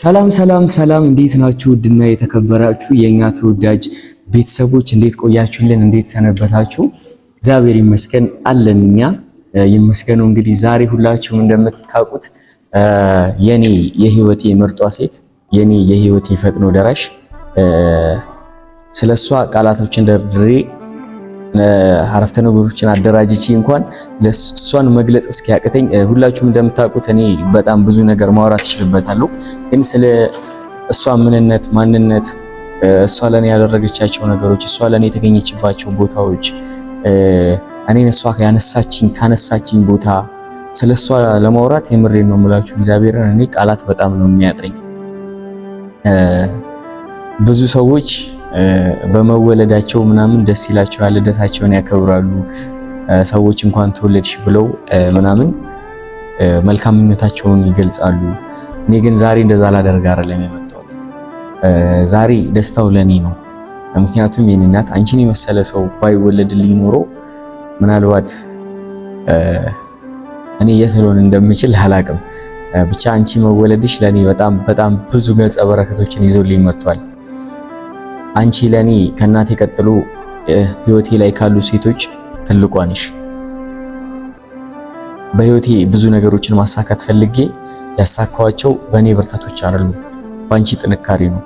ሰላም ሰላም ሰላም፣ እንዴት ናችሁ? ውድና የተከበራችሁ የኛ ተወዳጅ ቤተሰቦች እንዴት ቆያችሁልን? እንዴት ሰነበታችሁ? እግዚአብሔር ይመስገን አለን እኛ እንግዲህ ዛሬ ሁላችሁም እንደምታውቁት የኔ የህይወቴ ምርጧ ሴት የኔ የህይወቴ ፈጥኖ ደራሽ ስለሷ ቃላቶችን ደርድሬ አረፍተ ነገሮችን አደራጅቼ እንኳን ለእሷን መግለጽ እስኪያቅተኝ፣ ሁላችሁም እንደምታውቁት እኔ በጣም ብዙ ነገር ማውራት እችልበታለሁ። ግን ስለ እሷ ምንነት፣ ማንነት፣ እሷ ለእኔ ያደረገቻቸው ነገሮች፣ እሷ ለእኔ የተገኘችባቸው ቦታዎች፣ እኔን እሷ ያነሳችኝ ካነሳችኝ ቦታ ስለ እሷ ለማውራት የምሬ ነው የምላችሁ እግዚአብሔርን እኔ ቃላት በጣም ነው የሚያጥረኝ ብዙ ሰዎች በመወለዳቸው ምናምን ደስ ይላቸዋል፣ ልደታቸውን ያከብራሉ። ሰዎች እንኳን ተወለድሽ ብለው ምናምን መልካምነታቸውን ይገልጻሉ። እኔ ግን ዛሬ እንደዛ ላደርግ አይደለም የመጣሁት። ዛሬ ደስታው ለኔ ነው። ምክንያቱም የኔ እናት አንቺን የመሰለ ሰው ባይወለድልኝ ኖሮ ምናልባት እኔ የት ልሆን እንደምችል አላቅም። ብቻ አንቺ መወለድሽ ለኔ በጣም በጣም ብዙ ገጸ በረከቶችን ይዞልኝ መጥቷል። አንቺ ለኔ ከእናቴ ቀጥሎ ህይወቴ ላይ ካሉ ሴቶች ትልቋ ነሽ። በህይወቴ ብዙ ነገሮችን ማሳካት ፈልጌ ያሳካዋቸው በእኔ ብርታቶች አይደሉ፣ በአንቺ ጥንካሬ ነው።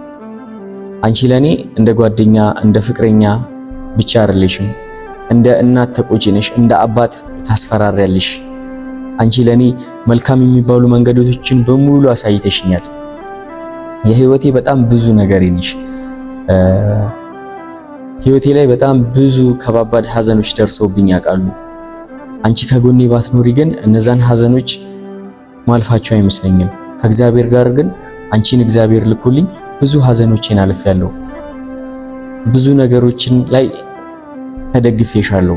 አንቺ ለኔ እንደ ጓደኛ እንደ ፍቅረኛ ብቻ አይደለሽም፣ እንደ እናት ተቆጪ ነሽ፣ እንደ አባት ታስፈራሪያለሽ። አንቺ ለኔ መልካም የሚባሉ መንገዶችን በሙሉ አሳይተሽኛል። የህይወቴ በጣም ብዙ ነገሬ ነሽ። ህይወቴ ላይ በጣም ብዙ ከባባድ ሀዘኖች ደርሰውብኝ ያውቃሉ። አንቺ ከጎኔ ባትኖሪ ግን እነዛን ሀዘኖች ማልፋቸው አይመስለኝም። ከእግዚአብሔር ጋር ግን አንቺን እግዚአብሔር ልኮልኝ ብዙ ሀዘኖቼን አልፌያለሁ። ብዙ ነገሮችን ላይ ተደግፌሻለሁ።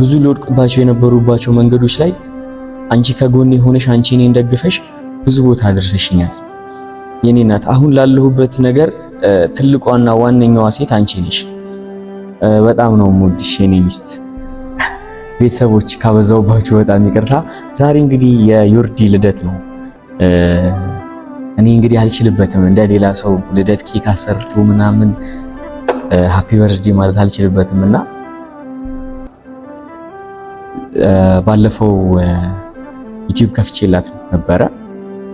ብዙ ልወድቅባቸው የነበሩባቸው መንገዶች ላይ አንቺ ከጎኔ ሆነሽ አንቺ እኔን ደግፈሽ ብዙ ቦታ አድርሰሽኛል። የኔ አሁን ላለሁበት ነገር ትልቋና ዋነኛዋ ሴት አንቺ ነሽ። በጣም ነው የምወድሽ የኔ ሚስት። ቤተሰቦች ካበዛውባችሁ በጣም ይቅርታ። ዛሬ እንግዲህ የዮርዲ ልደት ነው። እኔ እንግዲህ አልችልበትም እንደ ሌላ ሰው ልደት ኬክ አሰርቶ ምናምን ሃፒ በርዝዴ ማለት አልችልበትም እና ባለፈው ዩቲዩብ ከፍቼላት ነበረ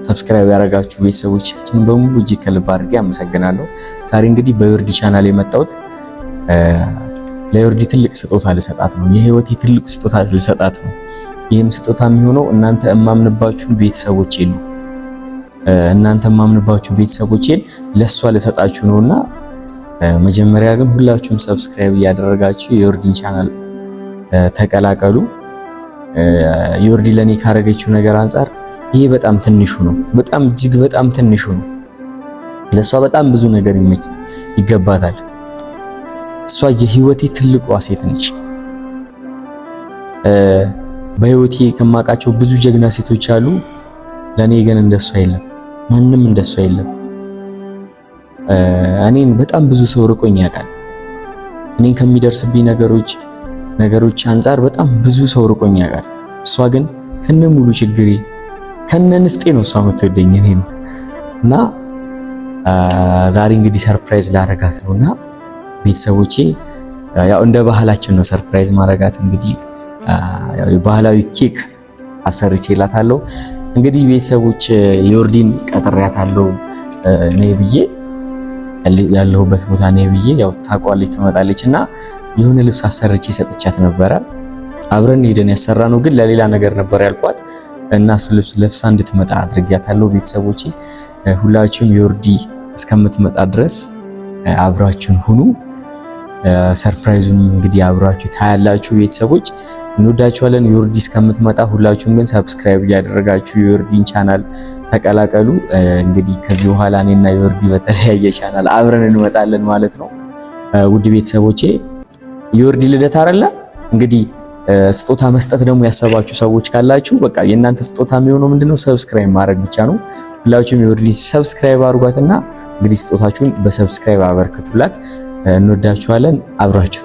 ሰብስክራይብ ያደረጋችሁ ቤተሰቦቻችን በሙሉ እጅግ ከልብ አድርጌ አመሰግናለሁ። ዛሬ እንግዲህ በዮርዲ ቻናል የመጣሁት ለዮርዲ ትልቅ ስጦታ ልሰጣት ነው። የህይወቴ ትልቅ ስጦታ ልሰጣት ነው። ይህም ስጦታ የሚሆነው እናንተ እማምንባችሁ ቤተሰቦቼን ነው። እናንተ እማምንባችሁ ቤተሰቦቼን ለእሷ ልሰጣችሁ ነውና መጀመሪያ ግን ሁላችሁም ሰብስክራይብ እያደረጋችሁ የዮርዲን ቻናል ተቀላቀሉ። ዮርዲ ለኔ ካረገችው ነገር አንጻር ይሄ በጣም ትንሹ ነው። በጣም እጅግ በጣም ትንሹ ነው። ለእሷ በጣም ብዙ ነገር ይገባታል። እሷ የህይወቴ ትልቋ ሴት ነች። በህይወቴ ከማውቃቸው ብዙ ጀግና ሴቶች አሉ። ለኔ ግን እንደሷ የለም፣ ማንም እንደሷ የለም። እኔን በጣም ብዙ ሰው ርቆኝ ያውቃል። እኔን ከሚደርስብኝ ነገሮች ነገሮች አንጻር በጣም ብዙ ሰው ርቆኝ ያውቃል። እሷ ግን ከነሙሉ ችግሬ ከነ ንፍጤ ነው እሷ የምትወደኝ እኔን እና ዛሬ እንግዲህ ሰርፕራይዝ ላረጋት ነውና ቤተሰቦቼ ያው እንደ ባህላችን ነው ሰርፕራይዝ ማረጋት። እንግዲህ ያው የባህላዊ ኬክ ላታለሁ እንግዲህ ቤተሰቦች ዮርዲን ቀጥሬያታለሁ ነይ ብዬ ያለሁበት ቦታ ነይ ብዬ ያው ታውቋለች፣ ትመጣለች እና የሆነ ልብስ አሰርቼ ሰጥቻት ነበረ። አብረን ሄደን ያሰራ ነው ግን ለሌላ ነገር ነበር ያልኳት እናሱ ልብስ ለብሳ እንድትመጣ አድርጊያታለሁ። ቤተሰቦቼ ሁላችሁም ዮርዲ እስከምትመጣ ድረስ አብራችሁን ሁኑ። ሰርፕራይዙን እንግዲህ አብራችሁ ታያላችሁ። ቤተሰቦች እንወዳችኋለን። ዮርዲ እስከምትመጣ ሁላችሁም ግን ሰብስክራይብ እያደረጋችሁ የዮርዲን ቻናል ተቀላቀሉ። እንግዲህ ከዚህ በኋላ እኔና ዮርዲ በተለያየ ቻናል አብረን እንመጣለን ማለት ነው። ውድ ቤተሰቦቼ ዮርዲ ልደት አይደለ እንግዲህ ስጦታ መስጠት ደግሞ ያሰባችሁ ሰዎች ካላችሁ በቃ የእናንተ ስጦታ የሚሆነው ምንድነው ሰብስክራይብ ማድረግ ብቻ ነው። ሁላችሁም የወድሊ ሰብስክራይብ አድርጓትና እንግዲህ ስጦታችሁን በሰብስክራይብ አበርክቱላት። እንወዳችኋለን። አብራችሁ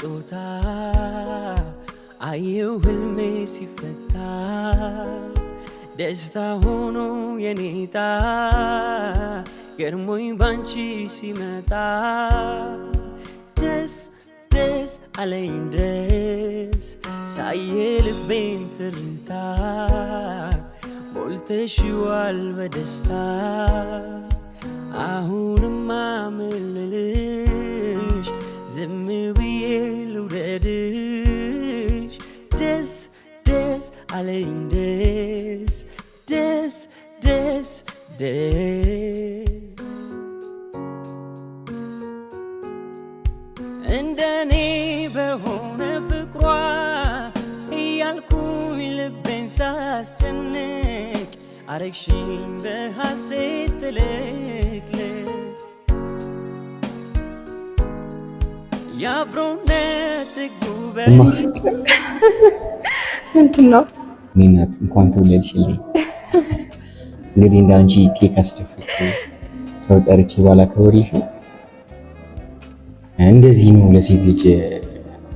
ስጦታ አየው ህልሜ ሲፈታ ደስታ ሆኖ የኔታ ገርሞኝ ባንቺ ሲመጣ ደስ ደስ አለኝ ደስ ሳየ ልቤን ትርታ ሞልተሽዋል በደስታ አሁንማ ምልልሽ መውደድሽ ደስ ደስ አለኝ ደስ ደስ ደስ ደስ እንደኔ በሆነ ፍቅሯ እያልኩኝ ልቤን ሳስጨንቅ አረግሽኝ በሐሴት ትልቅልቅ የአብሮነት ምንድን ነው? እናት እንኳን ተወለድሽልኝ። እንግዲህ እንደ አንቺ ኬክ አስደፍቼ ሰው ጠርቼ ባላከብርልሽ እንደዚህ ነው ለሴት ልጅ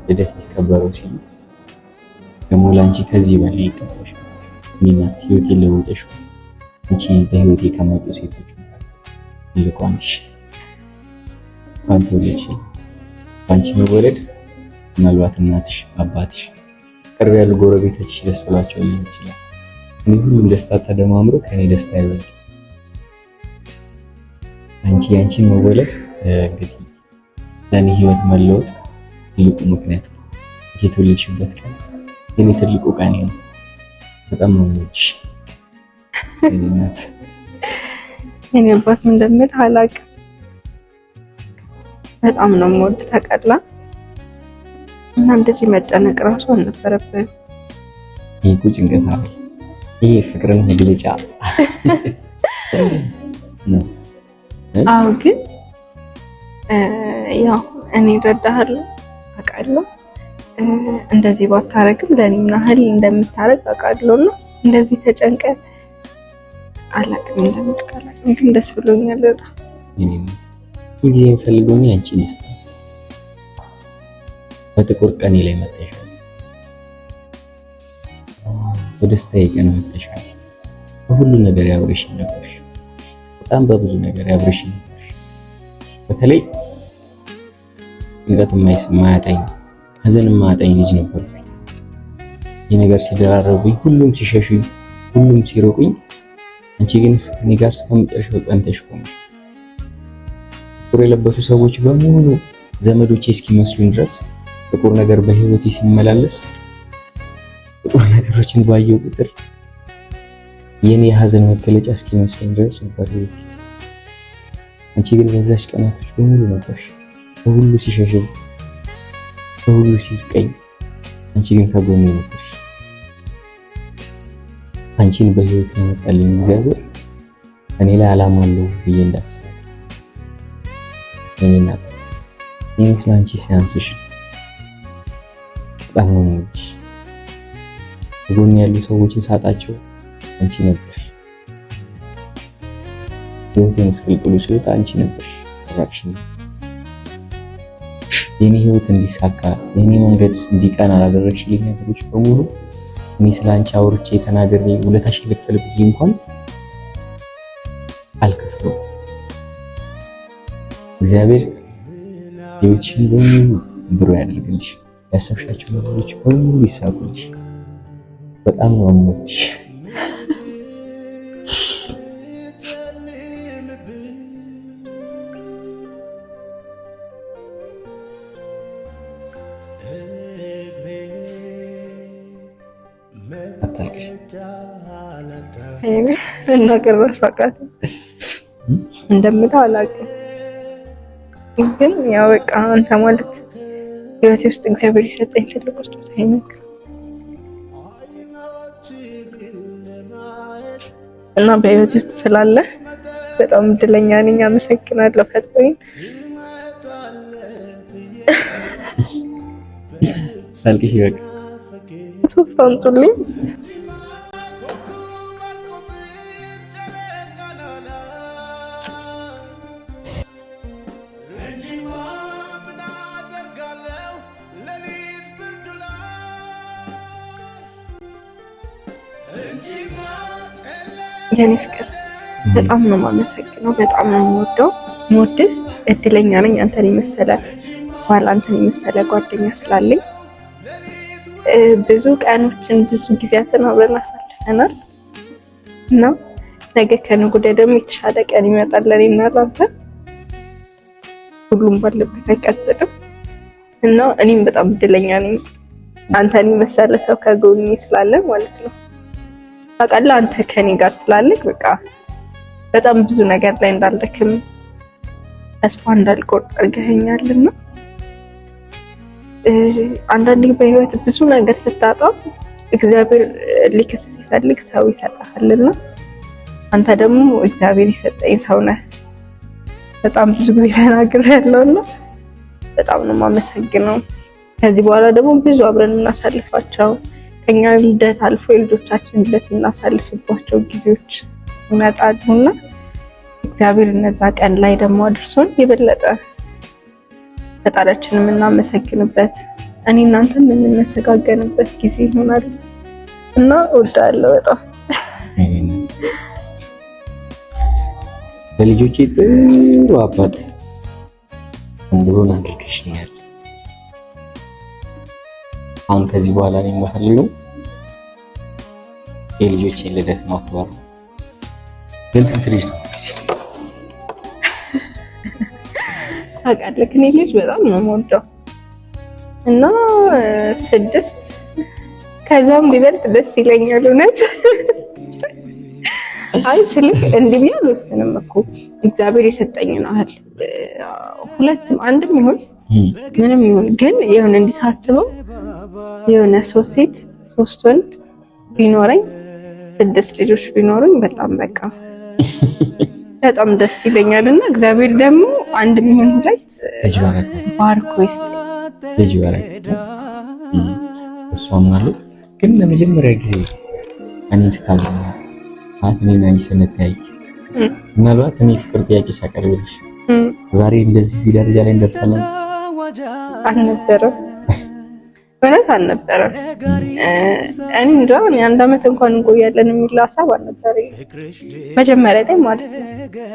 ልደት የሚከበረው ሲሉ ደግሞ ለአንቺ ከዚህ በላይ ይገባሽ። እናት ህይወቴን ለውጠሽ አንቺ በህይወቴ ከመጡ ሴቶች ልቋንሽ እንኳን ተወለድሽልኝ። በአንቺ መወለድ ምናልባት እናትሽ፣ አባትሽ፣ ቅርብ ያሉ ጎረቤቶች ደስ ብሏቸው ሊሆን ይችላል። እኔ ሁሉም ደስታ ተደማምሮ ከኔ ደስታ ይበልጥ አንቺ የአንቺን መወለድ እንግዲህ ለእኔ ህይወት መለወጥ ትልቁ ምክንያት ነው። የተወለድሽበት ቀን የኔ ትልቁ ቀን ነው። በጣም መወች ናት። የኔ አባት ምን እንደምል አላውቅም። በጣም ነው የምወድ ተቀላ እና እንደዚህ መጨነቅ ራሱ አልነበረብን። ይህ እኮ ጭንቀት አለ። ይህ ፍቅርን መግለጫ ነው። አዎ፣ ግን ያው እኔ እረዳሃለሁ፣ አውቃለሁ። እንደዚህ ባታረግም ለእኔ ምን ያህል እንደምታረግ አውቃለሁ። እና እንደዚህ ተጨንቀ አላቅም እንደምልክ አላውቅም፣ ግን ደስ ብሎኛል በጣም ጊዜ የምፈልገውን ያንቺ ደስታ በጥቁር ቀኔ ላይ መጥተሻል። በደስታዬ ቀን መጥተሻል። በሁሉ ነገር ያብረሽ ነበርሽ። በጣም በብዙ ነገር ያብረሽኝ ነበርሽ። በተለይ ጭንቀት የማያጣኝ ሐዘን የማያጣኝ ልጅ ነበር። ይህ ነገር ሲደራረብኝ፣ ሁሉም ሲሸሹኝ፣ ሁሉም ሲሮቁኝ፣ አንቺ ግን ከኔ ጋር እስከመጨረሻው ጸንተሽ ቆመሽ ጥቁር የለበሱ ሰዎች በሙሉ ዘመዶቼ እስኪመስሉኝ ድረስ ጥቁር ነገር በህይወቴ ሲመላለስ ጥቁር ነገሮችን ባየው ቁጥር የኔ የሀዘን መገለጫ እስኪመስለኝ ድረስ ነበር አንቺ ግን በዛች ቀናቶች በሙሉ ነበርሽ፣ በሁሉ ሲሸሽኝ፣ በሁሉ ሲርቀኝ፣ አንቺ ግን ከጎኔ ነበርሽ። አንቺን በህይወት ያመጣልኝ እግዚአብሔር እኔ ላይ አላማ አለው ብዬ እንዳስብ እኔ ናት። ይህ ስለ አንቺ ሲያንስሽ በጣም ነው ያሉ ሰዎችን ሳጣቸው አንቺ ነበርሽ። ህይወት ሲወጣ አንቺ የኔ ህይወት እንዲሳካ የኔ መንገድ እንዲቀና አላደረግሽልኝ ነገሮች በሙሉ እኔ ስለ አንቺ አውርቼ ውለታሽን ልክፈል ብዬ እንኳን አልከፍለው። እግዚአብሔር በሙሉ ያደርግልሽ። ያሰብሻቸው ነገሮች በሙሉ ይሳቁልሽ። በጣም ነው የምወድሽ። መናገር አላውቅም፣ ግን ያው በቃ አንተ ማለት ህይወቴ ውስጥ እግዚአብሔር የሰጠኝ ትልቁ ስጦታ ይነግር እና በህይወቴ ውስጥ ስላለ በጣም እድለኛ ነኝ። አመሰግናለሁ ፈጣሪን። ሰልቅ ይወቅ ሶፍት አምጡልኝ። የኔ ፍቅር በጣም ነው የማመሰግነው። በጣም ነው የምወደው የምወድህ። እድለኛ ነኝ አንተን የመሰለ ኋላ አንተን የመሰለ ጓደኛ ስላለኝ ብዙ ቀኖችን ብዙ ጊዜያትን አብረን አሳልፈናል እና ነገ ከነገ ወዲያ ደግሞ የተሻለ ቀን ይመጣል ለእኔና ለአንተ። ሁሉም ባለበት አይቀጥልም እና እኔም በጣም እድለኛ ነኝ አንተን የመሰለ ሰው ከጎኔ ስላለ ማለት ነው። ታውቃለህ አንተ ከኔ ጋር ስላለክ በቃ በጣም ብዙ ነገር ላይ እንዳልደክም ተስፋ እንዳልቆርጥ አድርገኸኛልና አንዳንዴ በህይወት ብዙ ነገር ስታጣ እግዚአብሔር ሊክስ ሲፈልግ ሰው ይሰጣልና አንተ ደግሞ እግዚአብሔር የሰጠኝ ሰው ነህ። በጣም ብዙ ጊዜ ተናግሬያለሁና በጣም ነው የማመሰግነው። ከዚህ በኋላ ደግሞ ብዙ አብረን እናሳልፋቸው ከኛ ልደት አልፎ የልጆቻችን ልደት የምናሳልፍባቸው ጊዜዎች ይመጣሉና እግዚአብሔር እነዛ ቀን ላይ ደግሞ አድርሶን የበለጠ ፈጣሪያችን የምናመሰግንበት እኔ እናንተ የምንመሰጋገንበት ጊዜ ይሆናል እና እወዳለሁ በጣም ለልጆቼ ጥሩ አባት እንደሆነ አድርገሽኛል። አሁን ከዚህ በኋላ ላይ የምፈልገው የልጆቼን ልደት ማክበር ነው። ግን ስንት ልጅ ነው ታውቃለህ? እኔ ልጅ በጣም ነው የምወደው እና ስድስት ከዛም ቢበልጥ ደስ ይለኛል። እውነት አይ ስልክ እንድሜ አልወስንም እኮ እግዚአብሔር የሰጠኝን ያህል ሁለትም አንድም ይሁን ምንም ይሁን ግን ይሁን እንዲሳስበው የሆነ ሶስት ሴት ሶስት ወንድ ቢኖረኝ ስድስት ልጆች ቢኖሩኝ በጣም በቃ በጣም ደስ ይለኛል። እና እግዚአብሔር ደግሞ አንድ የሚሆን ሁለት ባርኮ ልጅ በረከት እሷም አሉ። ግን ለመጀመሪያ ጊዜ እኔን ስታገኝ ማለት እኔና አንቺ ስንተያይ ምናልባት እኔ ፍቅር ጥያቄ ሳቀርብልሽ ዛሬ እንደዚህ ደረጃ ላይ እንደርሳለች አልነበረም እውነት አልነበረም። እኔ እንደው አንድ አመት እንኳን እንቆያለን የሚለው ሀሳብ አልነበረ መጀመሪያ ላይ ማለት ነው። ግን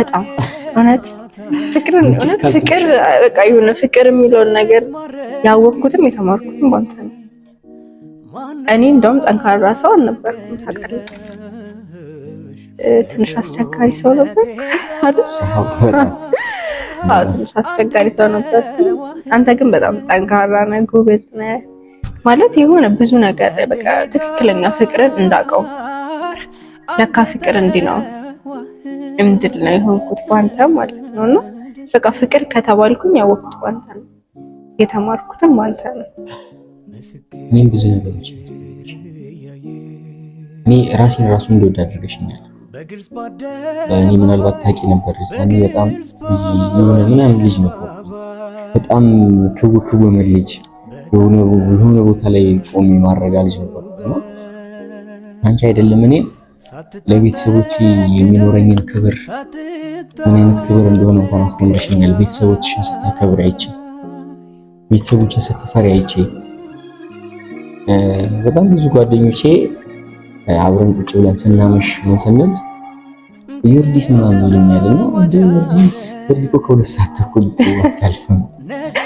በጣም እውነት ፍቅር እውነት ፍቅር በቃ የሆነ ፍቅር የሚለውን ነገር ያወቅኩትም የተማርኩትም ባንተ ነው። እኔ እንደውም ጠንካራ ሰው አልነበርኩም ታውቃለህ። ትንሽ አስቸጋሪ ሰው ነበር አይደል? ትንሽ አስቸጋሪ ሰው ነበር። አንተ ግን በጣም ጠንካራ ነህ፣ ጎበዝ ነህ። ማለት የሆነ ብዙ ነገር በቃ ትክክለኛ ፍቅርን እንዳውቀው ለካ ፍቅር እንዲህ ነው እንድል ነው የሆንኩት በአንተ ማለት ነው። እና በቃ ፍቅር ከተባልኩኝ ያወቅኩት በአንተ ነው፣ የተማርኩትም በአንተ ነው። እኔም ብዙ ነገሮች እኔ ራሴን ራሱ እንደወድ አድርገሽኛል። እኔ ምናልባት ታውቂ ነበር እኔ በጣም የሆነ ምናምን ልጅ ነበር። በጣም ክው ክው መል ልጅ የሆነ ቦታ ላይ ቆሜ ማረጋ ልጅ ነበር። አንቺ አይደለም እኔ ለቤተሰቦች የሚኖረኝን ክብር ምን አይነት ክብር እንደሆነ እንኳን አስተምረሽኛል። ቤተሰቦችሽን ስታከብሪ አይቼ፣ ቤተሰቦችን ስትፈሪ አይቼ በጣም ብዙ ጓደኞቼ አብረን ቁጭ ብለን ስናመሽ ምን ስንል ይርዲስ ምናምን ይለኛል እና እንደ ይርዲ ይርዲ እኮ ከሁለት ሰዓት ተኩል አታልፍም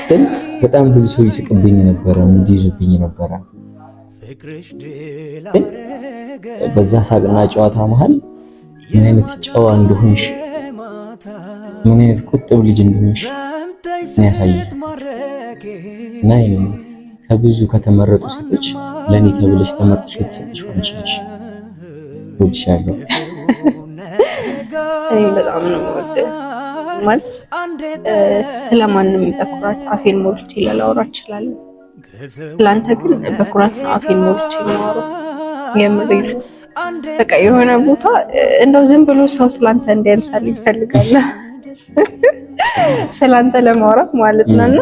ስል በጣም ብዙ ሰው ይስቅብኝ ነበረ፣ እንዲ ይዙብኝ ነበረ። በዛ ሳቅና ጨዋታ መሃል ምን አይነት ጨዋ እንደሆንሽ፣ ምን አይነት ቁጥብ ልጅ እንደሆንሽ ነው ናይ ነው። ከብዙ ከተመረጡ ሴቶች ለእኔ ተብለሽ ተመርጠሽ ከተሰጠሽ ሆነች ነሽ። እወድሻለሁ። እኔም በጣም ነው የምወደው። ማለት ስለማንም በኩራት አፌን ሞልቼ ላላወራ እችላለሁ። ስለአንተ ግን በኩራት ነው አፌን ሞልቼ የማወራው። የምሬ በቃ የሆነ ቦታ እንደው ዝም ብሎ ሰው ስለአንተ እንዲያንሳል ይፈልጋል፣ ስለአንተ ለማውራት ማለት ነውና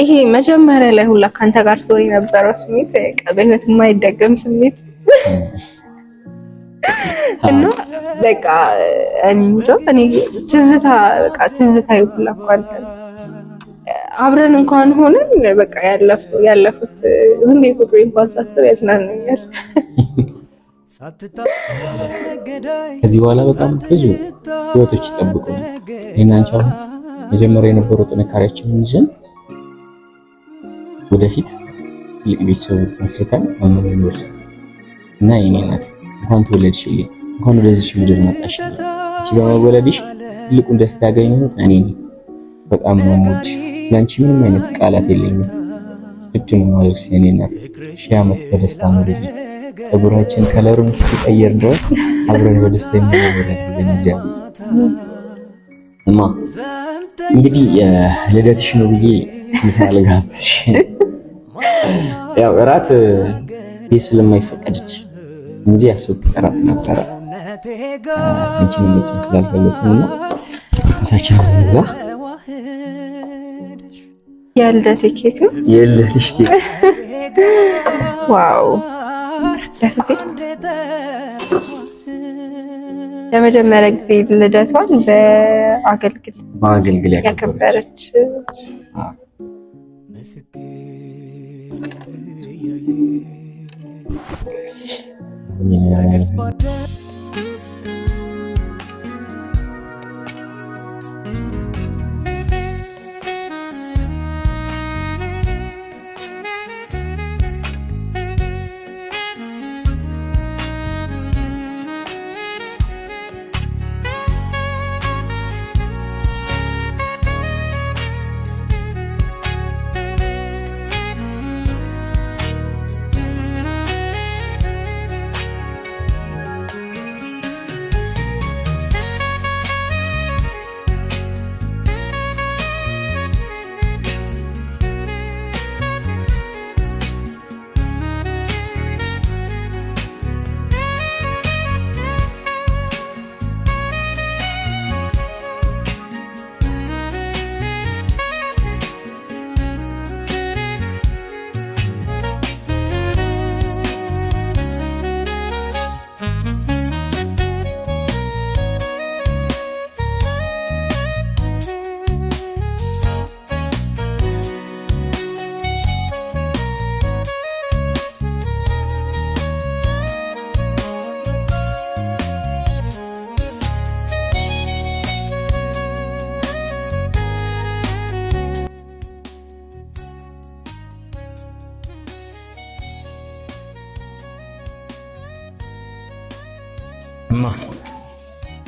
ይሄ መጀመሪያ ላይ ሁላ ካንተ ጋር ሶሪ የነበረው ስሜት በህይወት የማይደገም ስሜት እና በቃ እንዶ እኔ ትዝታ በቃ ትዝታ ይሁላ እንኳን አብረን እንኳን ሆነን በቃ ያለፈው ያለፉት ዝም ብዬ ቁጥሬ እንኳን ሳስብ ያዝናናኛል። ከዚህ በኋላ በጣም ብዙ ህይወቶች ይጠብቁ። ይሄን አንቺ አሁን መጀመሪያ የነበረው ጥንካሬያችንን ይዘን ወደፊት ትልቅ ቤተሰብ መስርተን የምንኖር ሰው እና የኔ እናት እንኳን ተወለድሽልኝ፣ እንኳን ወደዚች ምድር መጣሽልኝ። አንቺ በመወለድሽ ትልቁን ደስታ ያገኘሁት እኔ ነኝ። በጣም ነው የምወድሽ። ስለአንቺ ምንም አይነት ቃላት የለኝም። ፍድ ነው ማለትሽ የኔ እናት። ሺህ ዓመት በደስታ ኑርልኝ። ጸጉራችን ከለሩን እስኪቀየር ድረስ አብረን በደስታ የምንኖረን እዚያ እማ እንግዲህ ልደትሽ ነው ብዬ ምሳ ልጋብዝሽ ያው እራት ይህ ስለማይፈቀድች እንጂ ያስወቅ እራት ነበረ እንጂ መመጭን ስላልፈለግ ነው። ምሳችን ንላ የልደት ኬክ የልደትሽ ኬክ ዋው ለመጀመሪያ ጊዜ ልደቷን በአገልግል በአገልግል ያከበረች Yine yani.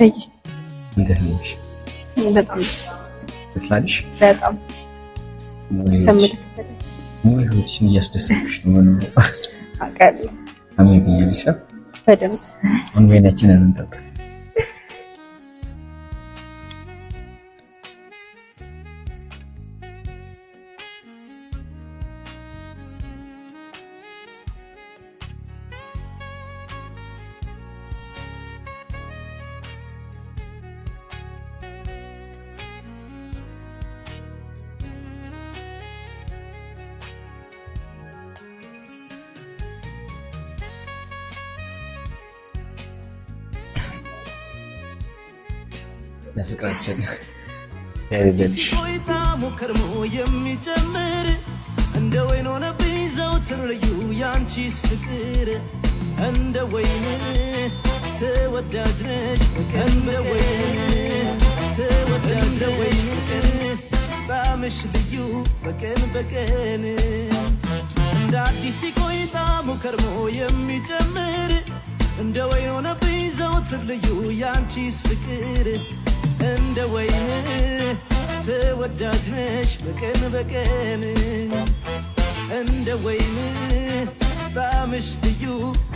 ተይ እንደዚህ ነው። በጣም ስላለሽ በጣም ሙሉ ህይወትሽን እያስደሰትሽ ነው። ምን አቃለሁ አሜን ብዬሽ በደምብ ወንጌላችንን እንጠብቅ። ለፍቅራችን ቆይታ ሙከርሞ የሚጨምር እንደ ወይን ሆነብኝ ዘውትር ልዩ የአንቺስ ፍቅር እንደ ወይን ተወዳጅ ነሽ እንደ ወይን ተወዳጅ ነሽ ልዩ በቀን በቀን እንደ አዲስ ቆይታ ሙከርሞ የሚጨምር እንደ ወይን ሆነብኝ ዘውትር ልዩ የአንቺስ ፍቅር እንደ ወይን ተወዳጅ ነሽ በቀን በቀን እንደ ወይን ጣምሽ ልዩ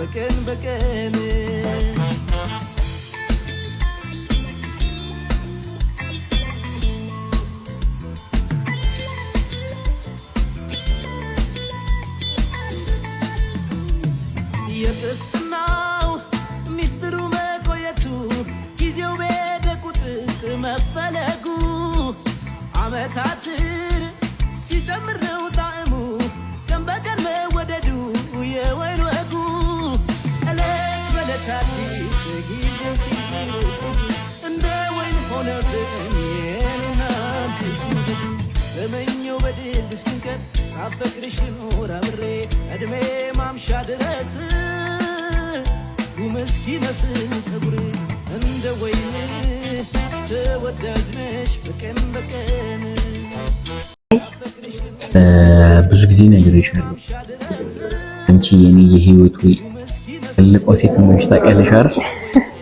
በቀን በቀን ጨምረው ጣዕሙ ቀን በቀን መወደዱ የወይን ወጉ እለት በለት አዲስ ጊዜው ሲሉት እንደ ወይን ሆነብን የኔና በድል እስክንቀር ሳፈቅርሽ ልኖር አብሬ ዕድሜ ማምሻ ድረስ ጉመስኪ መስል ተጉሬ እንደ ወይን ተወዳጅ ነሽ በቀን በቀን ብዙ ጊዜ ነግሬሻለሁ። አንቺ የኔ የህይወት ወይ ትልቋ ሴት ነሽ። ታውቂያለሽ አይደል?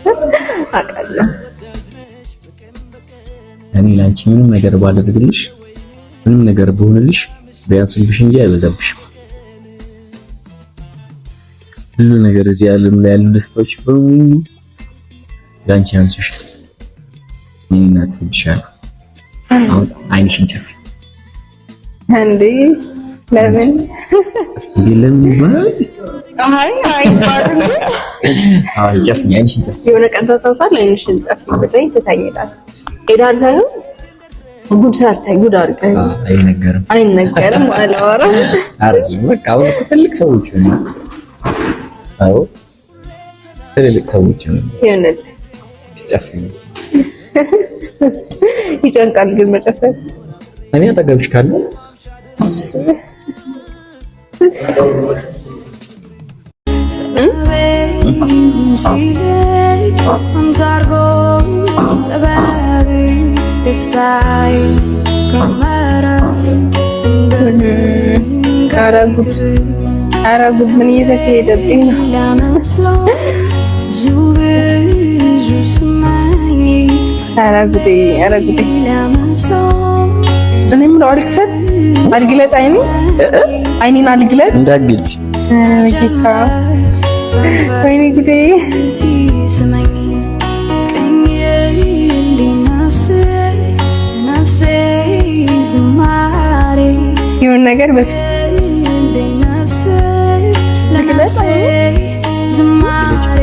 አውቃለሁ። እኔ ለአንቺ ምንም ነገር ባላደርግልሽ፣ ምንም ነገር ብሆንልሽ ቢያንስብሽ እንጂ አይበዛብሽም። ሁሉ ነገር እዚህ ዓለም ላይ ያሉ ደስታዎች በሙሉ ለአንቺ ያንስሽ። እኔ እናት ልጅሻለሁ። አሁን አይንሽን ጨፍኝ እንዴ ለምን እንዴ ለምን ይባላል? አይ አይ ባልን አይንሽን ጨፍኝ የሆነ ቀን ታስታውሳለህ? አይንሽን ጨፍኝ ብታይ ትታየዳል። ሄዳል ሳይሆን ጉድ ሰርተህ ጉድ አድርገህ አይነገርም አይነገርም አላወራም አርጊ በቃ አሁን እኮ ትልቅ ሰዎች ሆነ። አዎ ትልልቅ ሰዎች ሆነ ይሆናል ጨፍኝ ይጨንቃል ግን መጨፈን እኔ አጠገብሽ ካለ ኧረ ጉድ! ምን እየተካሄደብኝ ነው? ኧረ ጉዴ! ኧረ ጉዴ! እኔ የምለው አልክፈት አልግለጥ፣ አይኔ አይኔን አልግለጥ፣ እንዳግልጽ ጌታ ወይኔ ጉዴ የሆነ ነገር በፊት ዝማሬ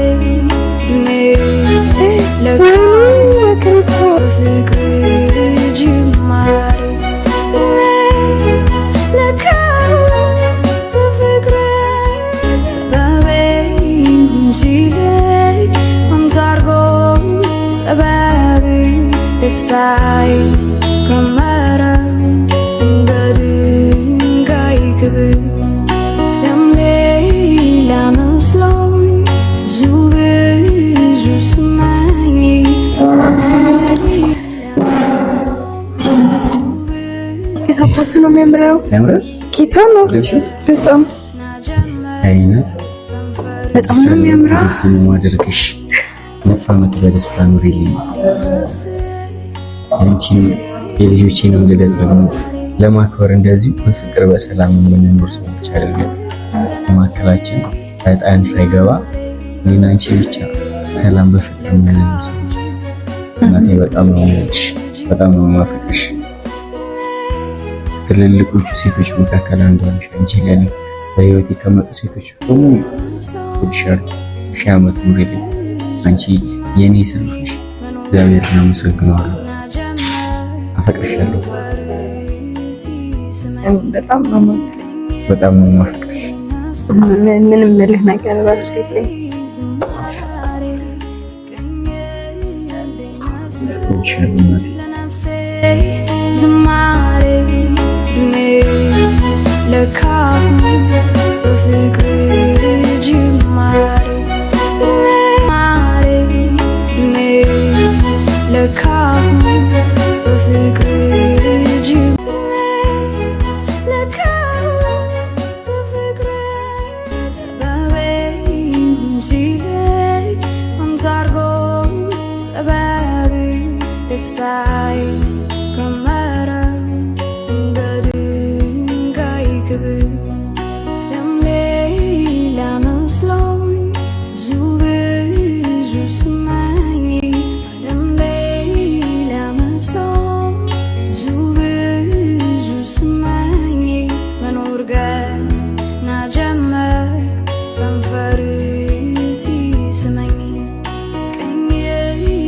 ያምራል። ጌታ ነው በጣም አይነት በጣም ነው ማደርግሽ በደስታ ኑሪልኝ። አንቺን የልጆቼንም ልደት ደግሞ ለማክበር እንደዚሁ በፍቅር በሰላም የምንኖር ሰዎች ሰይጣን ሳይገባ እኔና አንቺ ብቻ በፍቅር የምንኖር ሰዎች እናቴ፣ በጣም ነው የምወድሽ፣ በጣም ነው የማፈቅርሽ። ከትልልቆቹ ሴቶች መካከል አንዷ ነሽ። አንቺ ለኔ በህይወቴ ከመጡ ሴቶች በሙሉ እወድሻለሁ። ሺህ ዓመት ኑሪልኝ። አንቺ የኔ ስልፍ ነሽ። እግዚአብሔር አመሰግናለሁ። አፈቅርሻለሁ። በጣም ነው በጣም ነው የማፈቅርሽ። ምንም ምልህ ነገር ባልሽ ይለኝ me le capu de figure